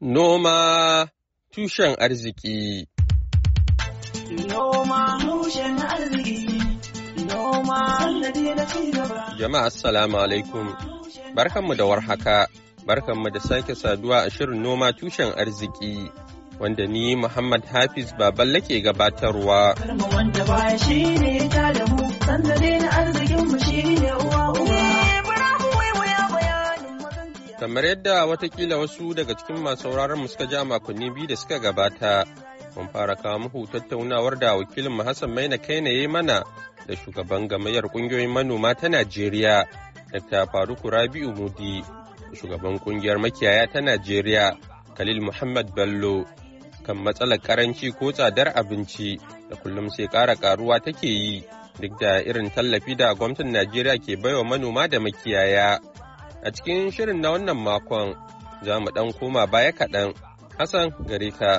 Noma tushen arziki Jama'a assalamu alaikum barkanmu da warhaka barkanmu da sake saduwa a shirin noma tushen arziki wanda ni Muhammad Hafiz Baballe ke gabatarwa. wanda baya shi ne ta da mu, sanda na arzikin mu shi ne Kamar yadda watakila wasu daga cikin masu sauraron suka ja makonni biyu da suka gabata, mun fara kawo muku tattaunawar da wakilin mu Hassan Maina Kaina ya mana da shugaban gamayyar kungiyoyin manoma ta Najeriya, Dr. Faruku Rabi'u Mudi, shugaban kungiyar makiyaya ta Najeriya, Khalil Muhammad Bello, kan matsalar karanci ko tsadar abinci da kullum sai ƙara karuwa take yi duk da irin tallafi da gwamnatin Najeriya ke baiwa manoma da makiyaya. A cikin shirin na wannan makon za mu ɗan koma baya kaɗan. Hassan gare ka.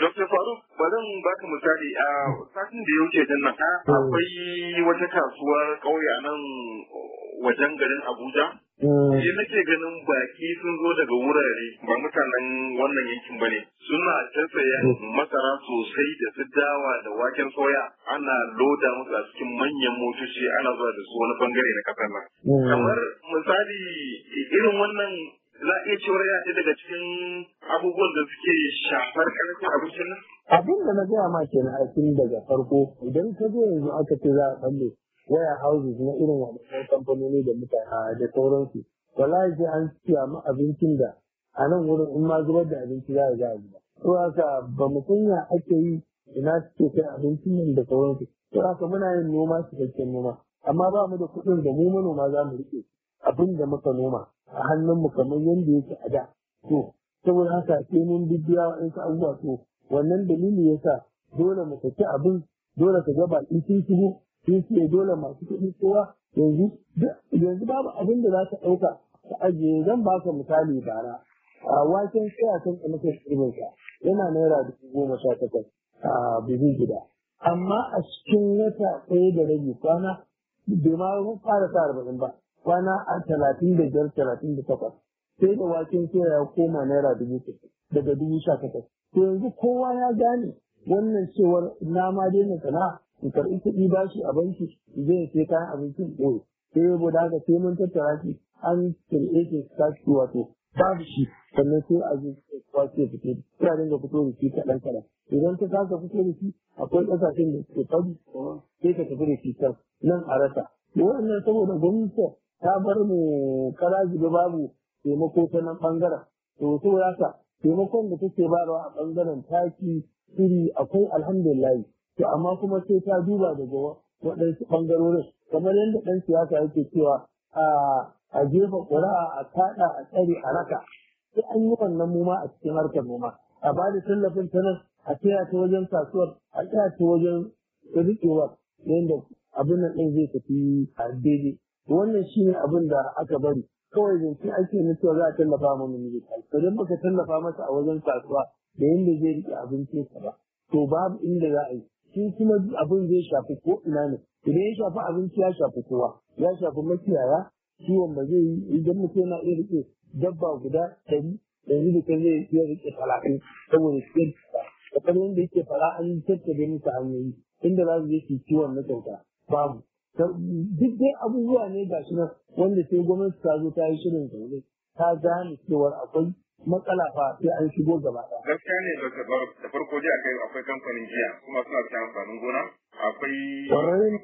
Dr. Faruk, bari baka misali a satin da ya wuce din nan hmm. akwai wata kasuwar ƙauye a nan wajen garin Abuja Shi eh. nake ganin baki sun zo daga wurare ba mutanen wannan yankin ba ne. Suna tattaya hmm. masara sosai da su dawa da waken soya ana loda musu a cikin manyan motoci ana zuwa da su wani bangare na kasar nan. Hmm. Kamar misali irin wannan za iya cewar ya ce daga cikin abubuwan da suke shafar karfin abincin nan? Abin da na gaya ma kenan a daga farko idan ka zo yanzu aka ce za a tsalle Waya warehouses na irin waɗannan kamfanoni da mutane ah, da sauransu wallahi sai an ma abincin da a nan wurin in ma zubar da abinci za a zaɓi a to haka ba mu sanya ake yi ina suke kai abincin nan da sauransu to haka muna yin noma su kakken noma amma ba mu da kuɗin da mu manoma za mu riƙe abin da muka noma a hannun mu kamar yadda yake a da to saboda haka sai mun bibiya waɗansu abubuwa to wannan dalili yasa dole mu saki abin dole ka ga baƙi sun shigo sun siya dole masu kuɗi kowa yanzu yanzu babu abin da za ka ɗauka ka ajiye zan baka misali bara a waken tsaya kan kamata shirinka yana naira dubu goma sha takwas a buhu gida amma a cikin wata ɗaya da rabi kwana domin ma fara sa arba'in ba kwana a talatin da biyar talatin da takwas sai da waken tsaya ya koma naira dubu daga dubu sha takwas to yanzu kowa ya gane wannan cewar na ma daina sana'a in karɓi kuɗi bashi a banki zai sai kayan abincin ɗoro sai ya da haka sai mun tattara shi an kirɓe shi sashi wato babu shi sannan sai a zo wato ya fito sai a dinga fito da shi kaɗan kaɗan idan ta kasa fito da shi akwai ƙasashen da suke fadi sai ka tafi da shi can nan a rasa wannan saboda gwamnati ta bar mu karaji babu taimako ta nan ɓangaren to saboda haka taimakon da take barawa a ɓangaren taki shiri akwai alhamdulillah to amma kuma sai ta duba daga waɗansu ɓangarorin kamar yadda ɗan siyasa yake cewa a jefa ƙuri'a a kaɗa a tsare a raka sai an yi wannan muma a cikin harkar noma a ba da tallafin ta nan a tsaya ta wajen kasuwar a tsaya ta wajen rikewar yadda abin nan ɗin zai tafi a daidai wannan shine abin da aka bari kawai zance ake na cewa za a tallafa ma namiji to dan baka tallafa masa a wajen kasuwa da yanda zai rike abinci ka ba to babu inda za a yi shi kuma abin zai shafi ko ina ne idan ya shafi abinci ya shafi kowa ya shafi makiyaya ciwon ba zai yi idan mutum yana iya rike dabba guda ɗari yanzu da kan zai iya rike talatin saboda cikin da kan yadda yake fara an tattabe musu hanyoyi inda za su je su ciwon na kyauta babu duk dai abubuwa ne ga shi nan wanda sai gwamnati ta zo ta yi shirin zaune ta gane cewar akwai matsala fa sai an shigo gaba ɗaya. Gaskiya ne da farko dai kai akwai kamfanin jiya kuma suna cikin amfanin gona akwai kamfanin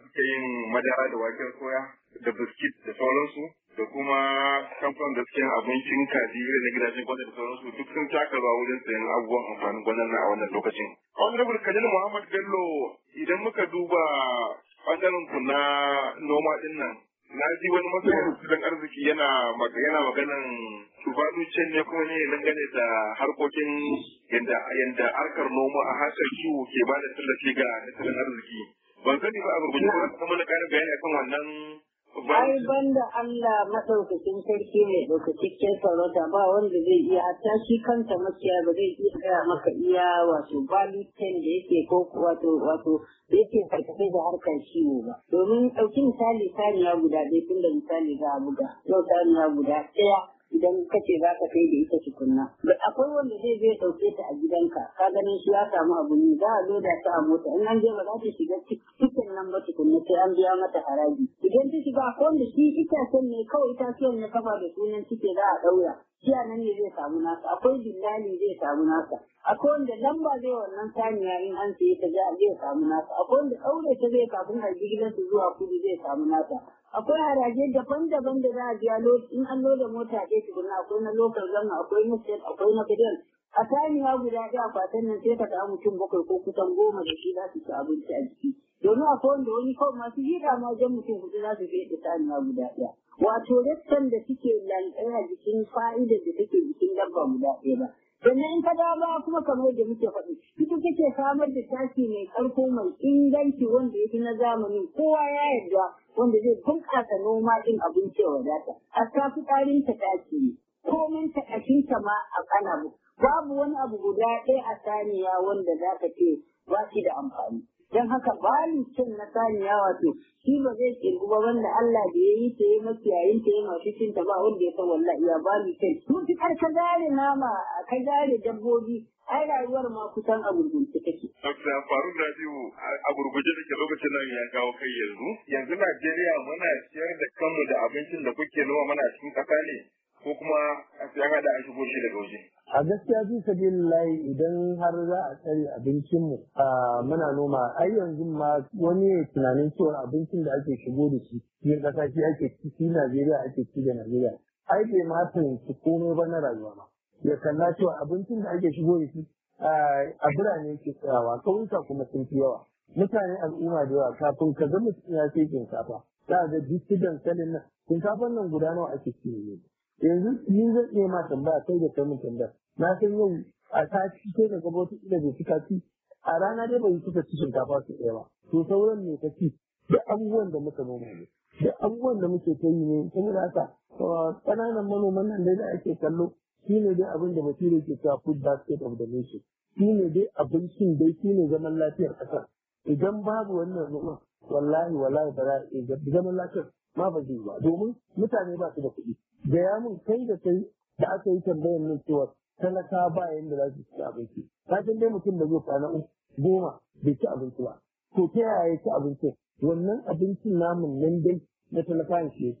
suke yin madara da waken soya da biskit da sauransu da kuma kamfanin da suke yin abincin kaji irin na gidajen gwada da sauransu duk sun taka rawa wajen sayan abubuwan amfanin gwanan na a wannan lokacin. Honorable Khalil Muhammad Bello idan muka duba bangaren ku na noma din nan na ji wani masanin tattalin arziki yana yana maganan can ne kuma ne dangane da harkokin yadda yadda harkar noma a harkar kiwo ke ba da tallafi ga tattalin arziki ban sani ba a rubuce ba kuma na ƙarin bayani akan wannan Ai banda Allah maɗaukakin sarki mai cikin sarauta ba wanda zai iya hatta shi kanta makiya ba zai iya gaya maka iya wato balitan da yake ko wato wato da yake karkace da harkar ciwo ba. Domin ɗauki misali saniya guda ɗaya tun da misali za a buga. Yau saniya guda ɗaya idan ka ce za ka kai da ita tukunna. Akwai wanda zai zai ɗauke ta a gidanka, ka ganin shi ya samu abu ne za a loda ta a mota, in an je ba za ta shiga cikin nan ba tukunna sai an biya mata haraji. Idan ta shiga akwai wanda shi itacen ne kawai itacen na kafa da sunan cike za a ɗaura. Jiya nan ne zai samu nasa, akwai dillali zai samu nasa. Akwai wanda lamba zai wannan saniya in an saye ta zai samu nasa, akwai wanda ɗaure ta zai kafin a gidansu zuwa kudu zai samu nasa. akwai haraje daban-daban da za a biya in an loda mota ɗaya tukuna akwai na lokal gama akwai na state akwai na federal a taniya guda ɗaya kwatan nan sai ka samu mutum bakwai ko kusan goma da shi za su ci abinci a jiki domin akwai wanda wani kawai masu da ma jan mutum kuɗi za su da saniya guda ɗaya wato rattan da suke lantsaya jikin fa'idar da take jikin dabba guda ɗaya ba Sannan in ka ba kuma kamar da muke faɗi, ita take samar da tashi mai ƙarko mai inganci wanda ya fi na zamani kowa ya yarda wanda zai bunƙasa noma ɗin abinci ya wadata. A safi ƙarin ta tashi ne, komin ta ta ma a ƙana babu wani abu guda ɗaya a saniya wanda za ka ce ba shi da amfani. don haka ni cin na saniya wato shi ba zai kirgu ba wanda Allah da ya yi ta yi makiyayin ta yi masu cin ta ba wanda ya san wallahi ya ni cin. Mun fi karka gane nama da gane dabbobi ai rayuwar ma kusan a gurgunce take. Dokta Faru Rabiu a gurguje da ke lokacin nan ya kawo kai yanzu. Yanzu Najeriya muna ciyar da kanmu da abincin da kuke noma mana cikin ƙasa ne ko kuma ya hada an shigo shi daga waje. A gaskiya fi sabilillahi idan har za a tsare abincinmu muna noma ai yanzu ma wani ya tunanin cewa abincin da ake shigo da shi cikin ƙasa ake ci Najeriya ake ci da Najeriya. Ai bai ma fahimci komai ba na rayuwa ba. ya kalla cewa abincin da ake shigo da shi a birane ke tsayawa kawunta kuma sun fi yawa mutane al'umma da yawa kafin ka ga su ya ce shinkafa za a ga jikin sanin nan shinkafan nan guda nawa ake ci yanzu ni zan iya ma tambaya kai da kai mun tambaya na san yau a sati sai ka gaba wata ila bai ci a rana dai bai cika ci shinkafa su ɗaya ba to sauran ne ka ci da abubuwan da muka noma ne da abubuwan da muke ta yi ne da haka ƙananan manoman nan dai da ake kallo shi dai abin da bature ke cewa food basket of the nation shi ne dai abincin dai shi zaman lafiyar ƙasar idan babu wannan ruwa wallahi wallahi ba za a zaman lafiyar ma ba zai ba domin mutane ba su da kuɗi da ya mun kai da kai da aka yi tambayar nan cewa talaka ba yanda za su ci abinci ka san dai mutum da zai kwana goma bai ci abinci ba to ta yaya ya ci abinci wannan abincin namun nan dai na talakawan shi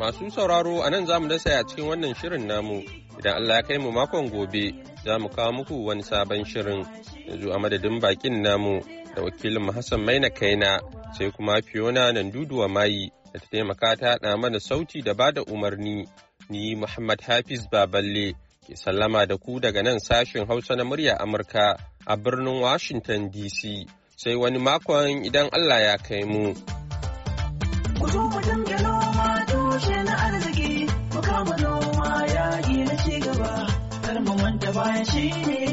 Masu sauraro a nan za dasa a cikin wannan shirin namu idan Allah ya kai mu makon gobe za mu kawo muku wani sabon shirin yanzu a madadin bakin namu da wakilin Hassan Maina Kaina sai kuma Fiona nan duduwa mayi da ta taimaka ta mana sauti da bada umarni ni Muhammad Hafiz Baballe ke sallama da ku daga nan sashin Hausa na murya Amurka a birnin Washington DC sai wani makon idan Allah ya kai mu. Martini.